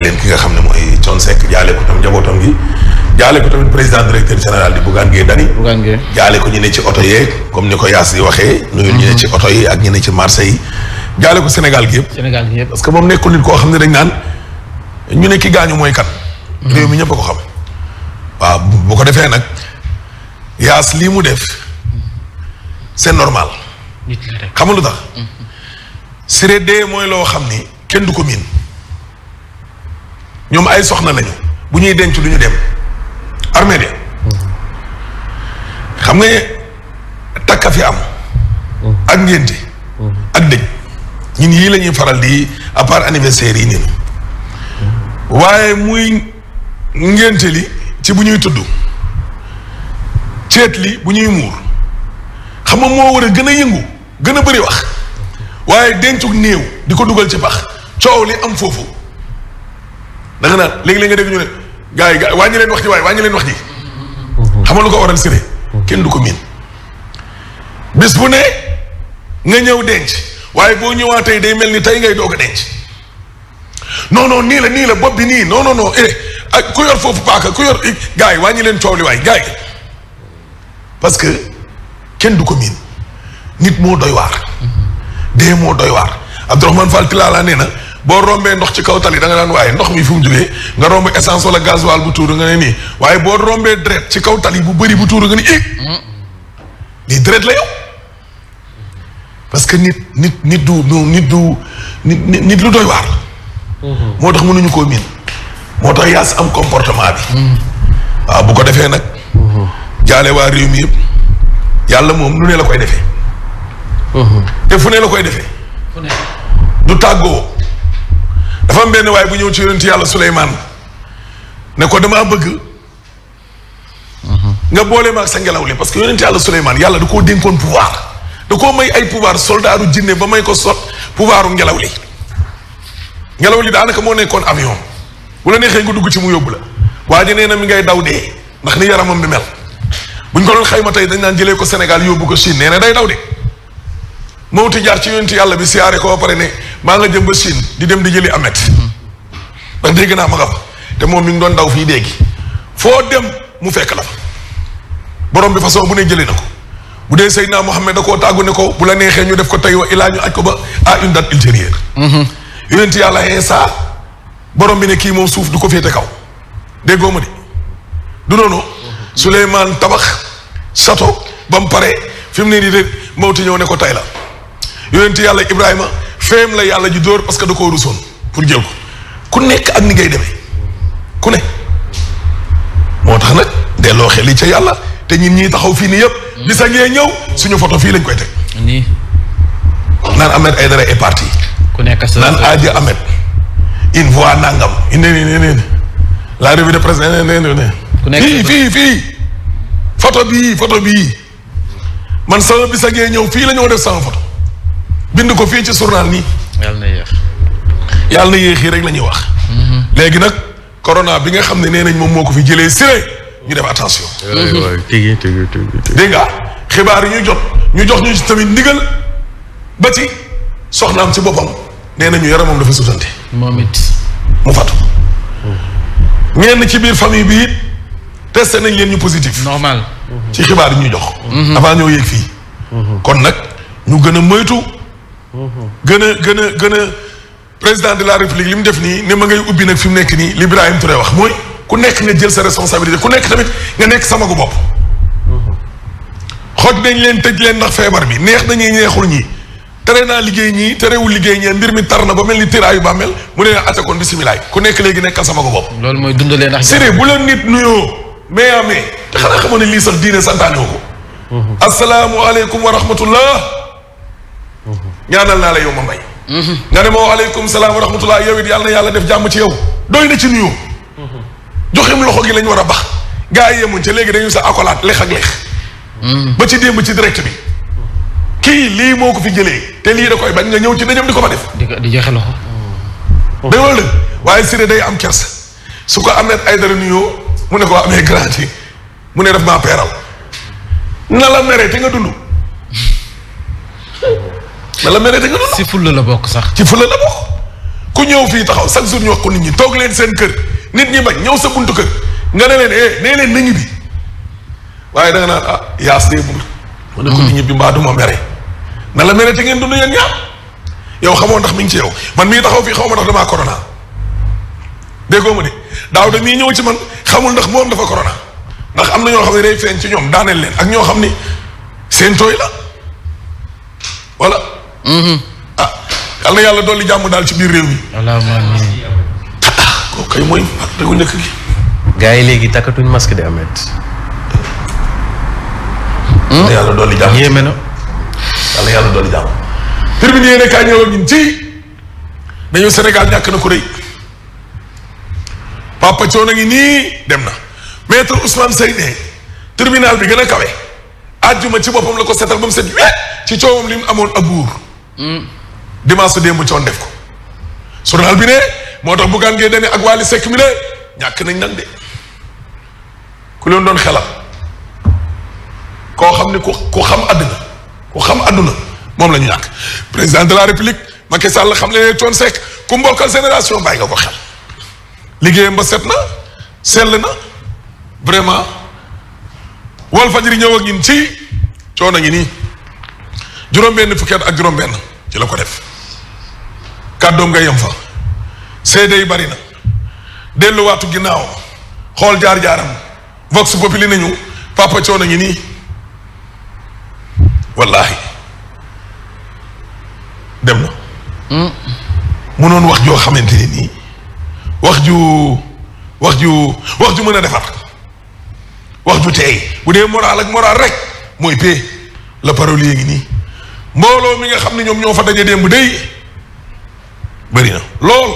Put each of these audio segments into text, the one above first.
leen ki nga xam ne mooy Thione Seck jaalee ko tam njabootam gi jaale ko tamit président général di Bougane Gueye Dany jaale ci oto yeeg comme ni ko Yaas di waxee nuyul ñu mhm. ci oto yi ak ñu ne ci marché yi jaale ko Sénégal gi yëpp parce que moom nekkul nit koo xam ne dañ naan ñu ne ki gaañu mooy kat mhm. réew mi ñëpp ko xam waaw bu ko defee nag Yaas lii mu def c'est normal xam nga lu tax mhm. sire dee mooy loo xam ni kenn du ko miin ñoom ay soxna lañu bu ñuy denc du ñu dem armée de xam nga takka fi am mm-hmm. ak ngénti mm-hmm. ak dëj ñun yii lañuy faral di à part anniversaire yi nii mm-hmm. waaye muy ngénte li ci bu ñuy tudd ceet li bu ñuy muur xam nga moo war a gën a yëngu gën a bari wax waaye dencug néew di ko dugal ci pax coow li am foofu da naan léegi-léegi nga dégg ñu ne gars yi wàññi leen wax ji waaye wàññi leen wax ji xamal lu ko waral siré kenn du ko miin bis bu ne nga ñëw denc waaye boo ñëwaatee day mel ni tey ngay doog a denc non nii la nii la bopp bi nii non non non eh ak ku yor foofu paaka ku yor gars yi wàññi leen coow li waay gars yi que kenn du ko miin nit moo doy waar dee moo doy waar Abdourahmane Fall Tilala nee na boo rombee ndox ci kaw tali da nga naan waaye ndox mi fu mu jógee nga romb essence wala gasoil bu tuuru nga ne nii waaye boo rombee dret ci kaw tali bu bëri bu tuuru nga ni mm. i dret la yow parce que nit nit nit du nit du nit nit lu doy waar la mm-hmm. moo tax mënuñu koo miin moo tax yaas am comportement bi mm. waaw bu ko defee nag mm-hmm. jaale waa réew mi yëpp yàlla moom lu ne la koy defee mm-hmm. te fu ne la koy defee du tàggoo dafa am benn waay bu ñëw ci yonent yàlla Suleymaan ne ko damaa bëgg nga boole ma ak sa ngelaw li parce que yonent yàlla Suleymaan yàlla da koo dénkoon pouvoir da koo may ay pouvoir soldaaru jinne ba may ko sot pouvoiru ngelaw li ngelaw li daanaka moo nekkoon avion bu ne neexee nga dugg ci mu yóbbu la waa ji nee mi ngay daw dee ndax ni yaramam bi mel buñ ko doon xayma tey dañ naan jëlee ko Sénégal yóbbu ko Chine nee na day daw de mawti jaar ci yonent yàlla bi siyaare ko ba pare maa nga jëm ba siin di dem di jëli amet ndax dégg naa ma nga te moom mi ngi doon daw fii déegi foo dem mu fekk la fa borom bi façon bu ne jëli na ko bu dee Seydina Mohamed da ko tàggu ne ko bu la neexee ñu def ko tey wa ilaa ñu aj ko ba à une date ultérieure mhm. yonent yàlla Iisaa borom bi ne kii moom suuf du ko féete kaw déggoo ma de du noonu Souleymane tabax château ba mu paree fi mu ne nii de mawti ñëw ne ko tey la yonent yàlla Ibrahima feem la yàlla ji dóor parce que da koo rusoon pour jël ko ku nekk ak ni ngay demee ku ne moo tax nag delloo xel yi ca yàlla te ñun ñii taxaw fii nii yëpp li sa ngee ñëw suñu foto fii lañ koy teg nii naan Ahmed Aidara est parti ku nekk sa naan Adji Ahmed une voix nangam indi nii nii la revue de presse nee nee ku nekk fii fii fii photo bii photo bii man sama bisa ngee ñëw fii la ñoo def sama photo ko fii ci journal nii. yàlla na yéex. yàlla yéex yi rek la ñuy wax. Mhm. léegi nag corona bi nga xam ne nee nañ moom moo ko fi jëlee siré ñu def attention. tigi tigi tigi dégg nga xibaar yi ñu jot ñu jox ñu tamit ndigal ba ci soxnaam ci boppam nee nañu yaramam dafa sutante. moom it mu fatu. Oh. ñenn ci biir famille bi it teste nañ leen ñu positif. normal ci xibaar yi ñu jox. Mhm. avant ñoo yéeg fii. Mhm. kon nag ñu gën moytu. gën a gën a gën a président de la république li mu def nii ne ma ngay ubbi nag fi mu nekk nii li Ibrahima Touré wax mooy ku nekk nga jël sa responsabilité ku nekk tamit nga nekk sama ko bopp. xooj nañ leen tëj leen ndax feebar bi neex nañuy neexul ñii tere naa liggéey ñii terewul liggéey ñee mbir mi tar na ba mel ni tiraayu ba mel mu ne ate kon bisimilaay ku nekk léegi nekkal sama ko bopp. loolu mooy dundalee ndax. séré bu leen nit nuyoo mais amee te xanaa xamoon ne lii ko. Mhm. asalaamualeykum ñaanal naa la yow ma mbay nga ne ma aleykum salaam wa rahmatullah yow it yàlla na yàlla def jàmm ci yow doy na ci nuyu joxim loxo gi lañ war a bax gaa yi yemuñ ca léegi dañu sa accolade lex ak lex ba ci démb ci direct bi kii lii moo ko fi jëlee te lii da koy bañ nga ñëw ci dajam di ko fa def di joxe loxo day wala dëgg waaye Siré day am kersa su ko amee Aïdara nuyoo mu ne ko amee grand mu ne daf maa peeral na la mere te nga dund te la mérité nga noonu. ci fulla la bokk sax. ci fulla la ku ñëw fii taxaw chaque jour ñu wax ko nit ñi toog leen seen kër nit ñi bañ ñëw sa buntu kër nga ne leen eh nee leen waaye da nga ah, yaas ne ko hmm. nit ñi bi mbaa mere. na la mérité ngeen dund yéen ñaar yow xamoo ndax mi ngi ci yow man mii taxaw fii xaw ma ndax damaa corona déggoo ma de daaw de mii ñëw ci man xamul ndax moom dafa corona ndax am na ñoo xam ne day feeñ ci ñoom daaneel leen ak ñoo xam ni seen tooy la voilà. ah yal na yàlla dolli jàmm daal ci biir réew mi. alhamdulilah. mooy fàtte gu njëkk gi. gars yi léegi takkatuñ masque de amet. Hmm? yàlla yàlla dolli jàmm yéeme na. yàlla yàlla dolli jàmm. terminé kaay ñëw ak ñun ci dañu ñàkk na ko rëy Papa Thione a nii dem na maître Ousmane Seye ne tribunal bi gën a kawe àjjuma ci boppam la ko seetal ba mu set wéet ci coowam li mu amoon ab dimanche su démb coon def ko journal bi ne moo tax buggaan ngay dani ak Wally Seck mi ne ñàkk nañ nan de ku leen doon xelam koo xam ne ku ku xam àdduna ku xam àdduna moom la ñu ñàkk président de la république Macky Sall xam le ne coon Seck ku mbokkal génération baay nga ko xel liggéeyam ba set na sell na vraiment Walfadjri ñëw ak ñun ci coono ngi nii juróom-benn fukki ak juróom-benn ci la ko def kàddoom nga yem fa seede yi bari na delluwaatu ginnaaw xool jaar-jaaram vox populi nañu papa coono ngi nii wallaahi dem na mënoon hmm. wax joo xamante ni nii wax ju wax ju wax ju mën a defar wax ju teey bu dee moral ak moral rek mooy pee la parole yi ngi nii mbooloo mi nga xam ne ñoom ñoo fa daje démb day bëri na lool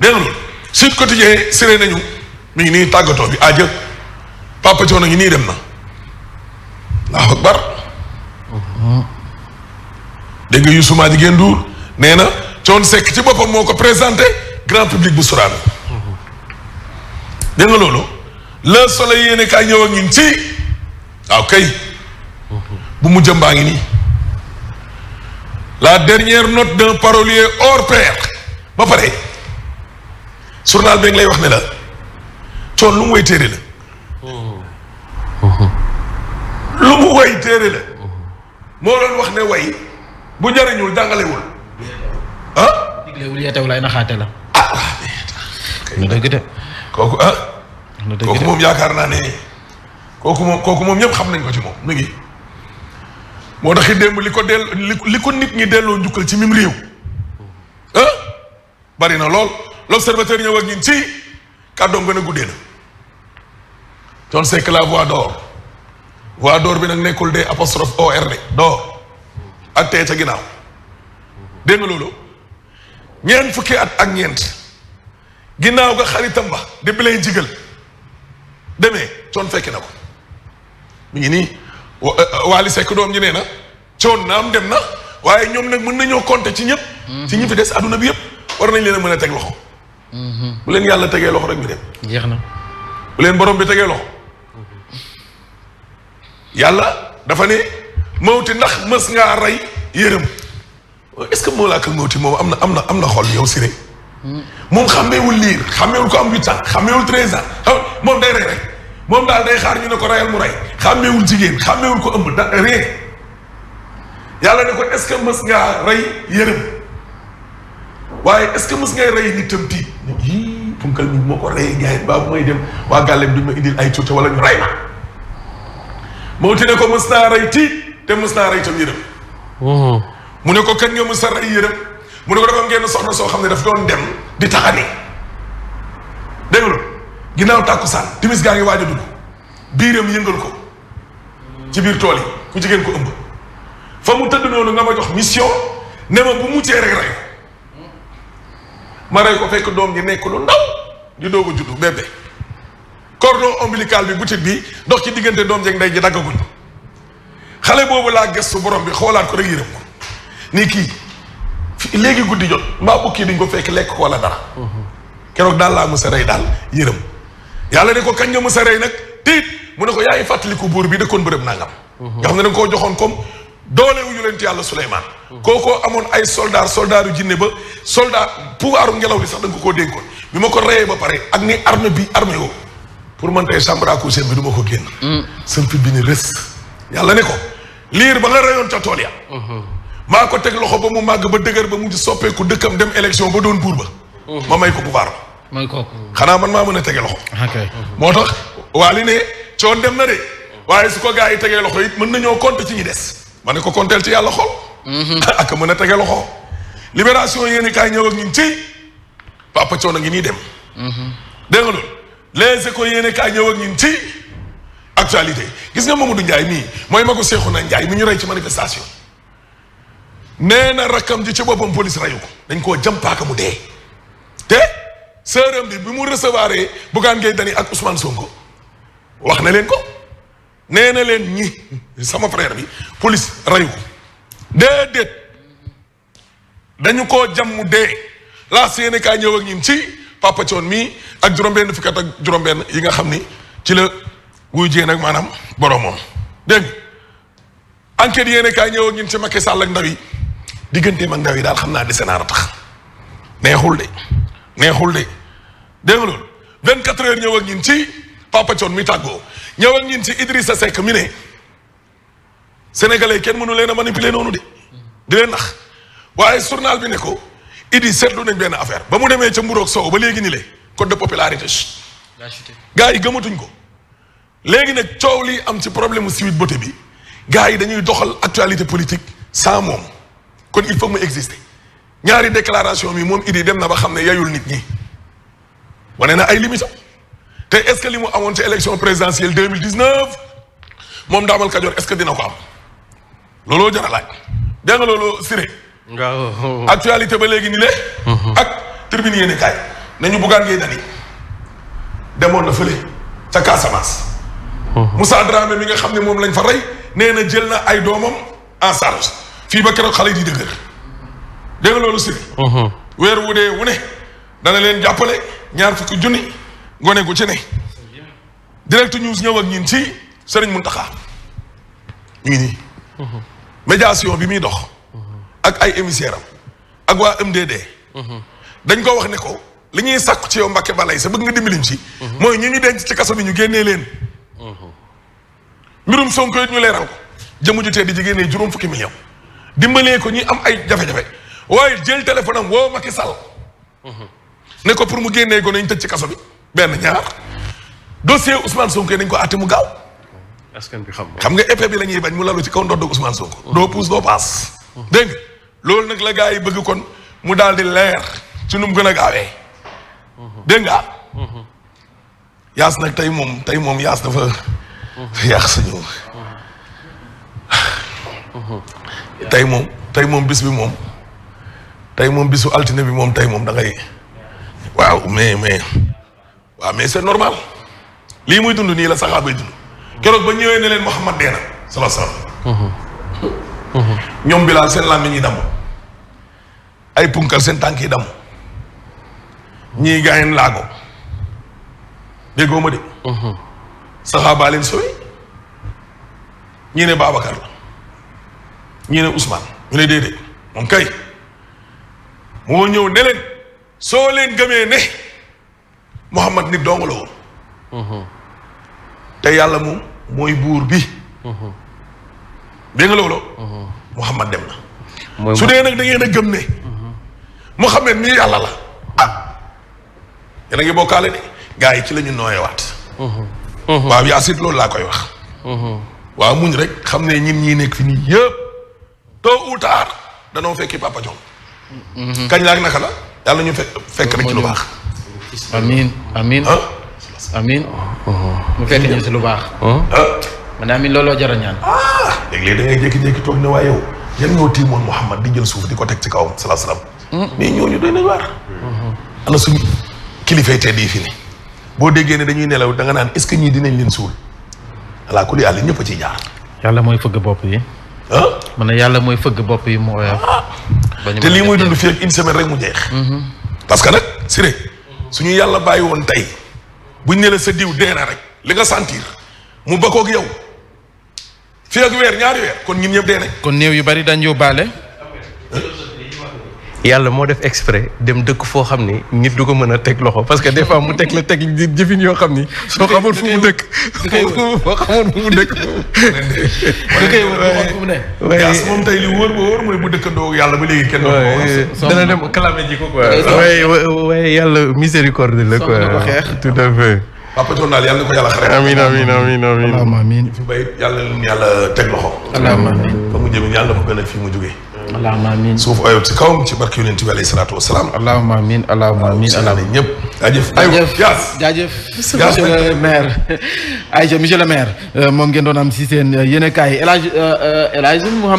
dégg nga Sud Quotidien nañu mi ngi nii tàggatoo bi àjë papa coono ngi nii dem na allahu akbar dégg yu Youssou Madi Gendou duur nee na coon sekk ci boppam moo ko présenté grand public bu Sorano dégg nga loolu Le Soleil yéene kaay ñëw a ci waaw kay bu mu jëm baa ngi nii la dernière not d'un parolier hors pair ba pare journal bi ngi lay wax ne la coon lu mu woy téere la lu mu woy téere la moo doon wax ne way bu njëriñul jàngalewul ah wul yeetew lay naxaate la ah na dëgg de kooku ah kooku moom yaakaar naa ne kooku moom kooku moom yëpp xam nañ ko ci moom mu moo taxi it démb li ko dell li ko nit ñi delloo njukkal ci mim réew bari na lool l'observateur ñëw ak ñun ci kàddoom gën a guddee na Thione Seck la voix d'or voix bi nag nekkul de apostrophe OR de d'or ak tee ca ginnaaw dégg nga loolu ñeent fukki at ak ñeent ginnaaw nga xaritam ba di lay jigal demee Thione fekki na ko mu ngi nii Eh, eh, Waly Seck doom ñi nee na coon na am dem na waaye ñoom nag mën nañoo compter ci ñëpp ci ñi fi des adduna bi yëpp war nañ leen a mën a teg loxo mm-hmm. bu leen yàlla tegee loxo rek ñu dem na bu leen borom bi tegee loxo yàlla dafa ne mawti ndax mës ngaa rey yërëm est-ce que moolaaka mawti moom am na am na am na xol yow Siré mm. moom xàmmeewul liir xàmmeewul ko am huit ans xàmmeewul treize ans moom day rey rek moom daal day xaar ñu ne ko reyal mu rey xàmmeewul jigéen xam xàmmeewul ko ëmb da rien yàlla ne ko est-ce que mës ngaa rey yërëm waaye est-ce que mës ngay rey nitam tiit yii punkal mi moo ko reyee gars yi baa dem waa gàllem duñ ma indil ay tuuti wala ñu rey ma Mawti ne ko mës naa rey tiit te mës naa rey tam yërëm mu ne ko kan nga mës a rey yërëm mu ne ko dafa am ngeen soxna soo xam ne daf doon dem di taxani dégg nga ginnaaw tàkkusaan timis gaa ngi waaj a dugg biiram yëngal ko ci biir tool yi ku jigéen ko ëmb fa mu tëdd noonu nga ma jox mission ne ma bu muccee rek rey ma rey ko fekk doom ji nekk lu ndaw di doog a juddu bébé cordon ombilical bi butit bi dox ci diggante doom jeeg ndey ji daggaguñ xale boobu laa gëstu borom bi xoolaat ko rek yërëm ko ni kii léegi guddi jot mbaa bukki diñ ko fekk lekk ko wala dara mhm. keroog daal laa mës a rey daal yërëm yàlla ne ko kañ nga mës rey nag tiit mu ne ko yaa ngi fàttaliku buur bi dëkkoon bërëb nangam. Mhm. nga xam ne da nga koo joxoon comme doole wu yonent yàlla Suleymaan. Mhm. kookoo amoon ay soldats soldaaru jinne ba soldat pouvoiru ngelaw li sax da nga ko koo dénkoon bi ma ko reyee ba pare ak ni arme bi arme woo pour man tey chambre à bi du ko génn. Mm. sa fit bi ni rës. yàlla ne ko liir ba nga reyoon ca tool ya. Mhm. maa ko teg loxo ba mu màgg ba dëgër ba mu soppeeku dëkkam dem élection ba doon buur ba. ma may ko pouvoir ba. may ko xanaa man maa mën a tege coon dem na de waaye su ko gars yi tegee loxo it mën nañoo compter ci ñi des ma ne ko compteel ci yàlla xol ak mën a tegee loxo libération yéeni kaay ñëw ak ñun ci papa coon a ngi nii dem dégg nga loolu les échos yéeni kaay ñëw ak ñun ci actualité gis nga Mamadou Ndiaye mii mooy ma ko seexu na Ndiaye mu ñu rey ci manifestation nee na rakkam ji ci boppam police reyu ko dañ koo jëm paaka mu dee te sërëm bi bi mu recevoir Bougane Gueye Dany ak Ousmane Sonko wax na leen ko nee na leen ñi sama frère bi police rayu ko déedéet dañu koo jam mu dee laa séene kaa ñëw ak ñun ci Papa Thion mii ak juróom-benn fukki ak juróom-benn yi nga xam ni ci la wuy jeen nag maanaam boromam dégg nga enquête yéene kaa ñëw ak ñun ci Macky Sall ak ndaw yi digganteem ak ndaw yi daal xam naa dese naa tax neexul de neexul de dégg nga loolu 24 heures ñëw ñun ci. Papa mi tàggoo ñëwal ak ñin ci Idrissa Seck mi ne sénégalais kenn mënu leen a manipuler noonu de di leen nax waaye journal bi ne ko Idi seetlu nañ benn affaire ba mu demee ca mburoog soow ba léegi ni le code de popularité gars yi gëmatuñ ko léegi nag coow li am ci problème mu Sweet Beauté bi gars yi dañuy doxal actualité politique sans moom kon il faut mu exister ñaari déclaration bi moom Idi dem na ba xam ne yayul nit ñi wane na ay limitam te est-ce que li mu amoon ci élection présidentielle 2019 moom Daamal Kajoor est-ce que dina ko am looloo jar ba léegi nii le mhm. ak tribune yéen nañu buggaan ngay demoon na fële ca Casamance. Mhm. Moussa mi nga xam ne moom lañ fa rey nee na jël na ay doomam en charge fii ba keroog xale yi di dëgër dégg loolu Siré. Mhm. weer wu dee wu ne dana leen jàppale ñaar fukki junni. gone gu ci ne direct news ñëw ak ñun ci Serigne Mountakha ñu ngi nii. yoo bi muy dox. ak ay émissaires ak waa MDD. dañ ko wax ne ko li ñuy sàkku ci yow Mbacke balay sa bëgg nga dimbaliñ ci. mooy ñu ñu denc ci kaso bi ñu génnee leen. mbirum Sonko it ñu leeral ko jëmu ju tee di génnee juróom fukki million dimbalee ko ñi am ay jafe-jafe waaye jël téléphone am woo Macky Sall. pour mu génnee ko nañ tëj ci kaso bi. benn ñaar dossier Ousmane Sonko yi nañ ko àtte mu gaaw. bi xam nga xam nga bi la ñuy bañ mu lalu ci kaw ndodd Ousmane Sonko. doo puus doo paas. dégg loolu nag la gars yi bëgg kon mu daal di leer ci nu mu gën a gaawee. dégg nga yaas nag tey moom tey moom yaas dafa. yàq suñu. tey moom tey moom bis bi moom. tey moom bisu altine bi moom tey moom da waaw mais mais. waaw mais c'est normal lii muy dund nii la saxaabay dund keroog ba ñëwee ne leen Muhammad dee na sala sala mhm. mhm. ñoom Bilaal seen làmmiñ yi damm ay punkal seen tànk yi damm ñii gaayen laago déggoo ma de mhm. saxaabaa leen sowe ñii ne Babacar la ñii ne Ousmane ñu ne déedéet moom kay moo ñëw ne leen soo leen gëmee ne Mouhamad nit dong la woon. te yàlla moom mooy buur bi. dégg nga loolu. Mouhamad dem na. su dee nag da a gëm ne. Mouhamad mii yàlla la ah. yéen a ngi bokkaale de gars yi ci la ñu nooyewaat. waaw yaasit loolu laa koy wax. waaw muñ rek xam ne ñin ñii nekk fi nii yëpp tôt ou tard danoo fekki Papa John. Mm-hmm. kañ la ak naka la yàlla ñu fekk fekk rek ci lu baax. amiin amiin. amiin. Oh, oh. mu fekk ñu si lu baax. man amiin looloo jar a ñaan. Ah! léeg-léeg da ngay jékki-jékki toog ne waa yow yan ñoo tiimoon Mouhamad di jël suuf di ko teg ci kawam salaasalaam. Hmm? mais ñooñu doy na waar. ana suñu boo déggee ne dañuy nelaw danga naan est-ce que ñii dinañ leen suul alaa kulli yàlla ñëpp a ciy jaar. yàlla mooy fëgg bopp yi. ma ne yàlla mooy fëgg bopp yi moo oyof. Ah! te lii muy dund fii ak semaine rek mu jeex. Mhm. parce que nag Siré. suñu yàlla bàyyi woon tey buñ ne la sa diw dee rek li nga sentir mu bakkoog yow fi ak weer ñaari weer kon ñun ñëpp dee kon néew yu bari dañ yóbbaale. yàlla moo def exprès dem dëkk foo xam ni nit du ko mën a teg loxo parce que des fois mu teg la teg jëfin yoo xam ni. soo xamoon fu mu dëkk. soo xamoon fu mu dëkk. da koy fu mu ne. waaye moom tey li wóor ba wóor bu dëkkandoo yàlla ba léegi yàlla miséricorde la quoi. tout à fait. yàlla na ko yàlla xare. amiin amiin amiin amiin. allahumma amiin. fi bay yàlla na yàlla teg loxo. allahumma amiin. fa mu jëm yàlla allahumma amiin suuf ayoon si kawam ci barke yonent bi alayhi salaatu wa salaam. allahumma amiin allahumma amiin allahumma ñëpp. jaajëf jaajëf jaajëf monsieur le maire Aïcha monsieur le maire moom ngeen doon am si seen euh, yéenekaay El Hadj euh, euh, El Hadj